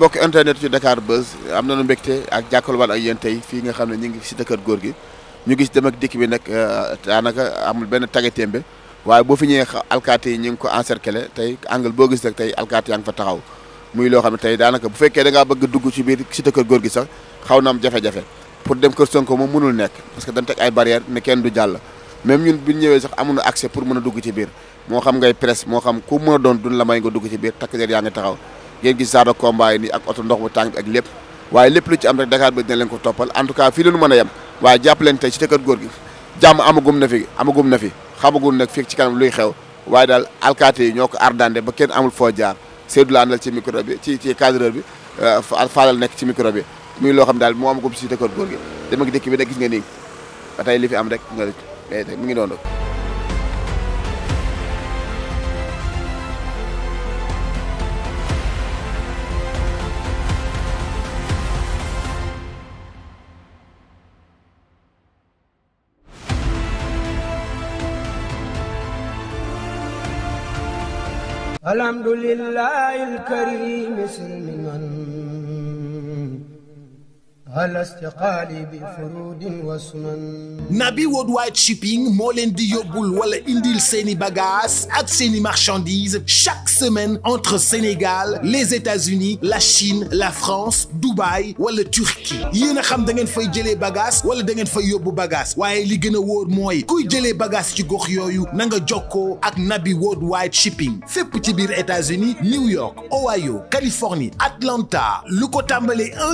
mbokk internet yu Dakar Buzz am nañu mbégte ak jàkkaarloo ak yéen tey fii nga xam ne ñu ngi si dëkkër góor gi ñu gis dem dikk bi nag euh, daanaka amul benn tagatémbe waaye boo fi ñëwee alkaati yi ñu ngi ko encercler tey angle boo gis rek tey alkaati yaa ngi fa taxaw muy loo xam ne tey daanaka bu fekkee da ngaa bëgg dugg ci biir si góor gi sax xaw na am jafe-jafe pour dem kër Sonko moom mënul nekk parce que dañ teg ay barrière ne kenn du jàll même ñun bu ñu ñëwee sax amuñu accès pour mën a dugg ci biir moo xam ngay presse moo xam ku mën a doon dun la may dugg ci biir takk yaa ngi taxaw ngeen gis saada combat yi ak oto ndox bu tàng bi ak lépp waaye lépp lu ci am rek Dakar ba dina leen ko toppal en tout cas fii la ñu mën a yem waaye jàpp leen tey ci tëkkat góor gi jàmm amagum na fi amagum na fi xamagum nag fii ci kanam luy xew waaye daal alkaati yi ñoo ko ardande ba kenn amul foo jaar Seydou la àndal ci micro bi ci ci cadreur bi euh, Fadal nekk ci micro bi muy loo xam daal moo amagum si tëkkat góor gi dem ak dëkk bi nag gis nga nii ba tey li fi am rek nga eh, mu ngi doon rek alhamdulillahi alkarim Nabi Worldwide Shipping moo leen di yóbbul wala indil seeni bagages ak seeni marchandises chaque semaine entre Sénégal les États-Unis la Chine la France Dubaï wala Turquie yéen a xam da ngeen fay jëlee bagages wala da ngeen fay yóbbu bagages waaye li gën a wóor mooy kuy jëlee bagaas ci gox yooyu na nga jokkoo ak Nabi Worldwide Shipping fépp ci biir États-Unis New York Ohio Californie Atlanta lu ko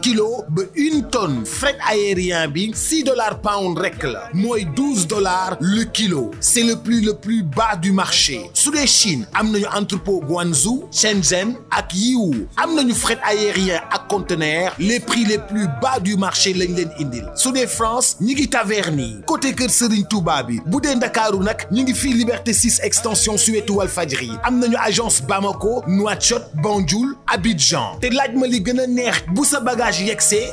kilo ba dix tonnes fret aérien bi six dollars pound rek la mooy douze dollars le kilo c'est le prix le plus bas du marché su dee Chine am nañu entrepôt Guangzhou Shenzhen ak Yiwu am nañu fret aérien ak conteneur les prix les plus bas du lañ leen indil su dee France ñi ngi Taverny côté kër Serigne Touba bi bu dee Ndakaaru nag ñi ngi fii Liberté 6 extension suwetu Walfadjri am nañu agence Bamako Nouakchott Banjul Abidjan te laaj ma li gën a neex bagage yegsee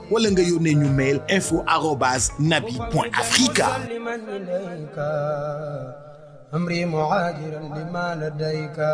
wala nga yónnee ñu mail info arobase nabi point africa amri muhajiran lima ladayka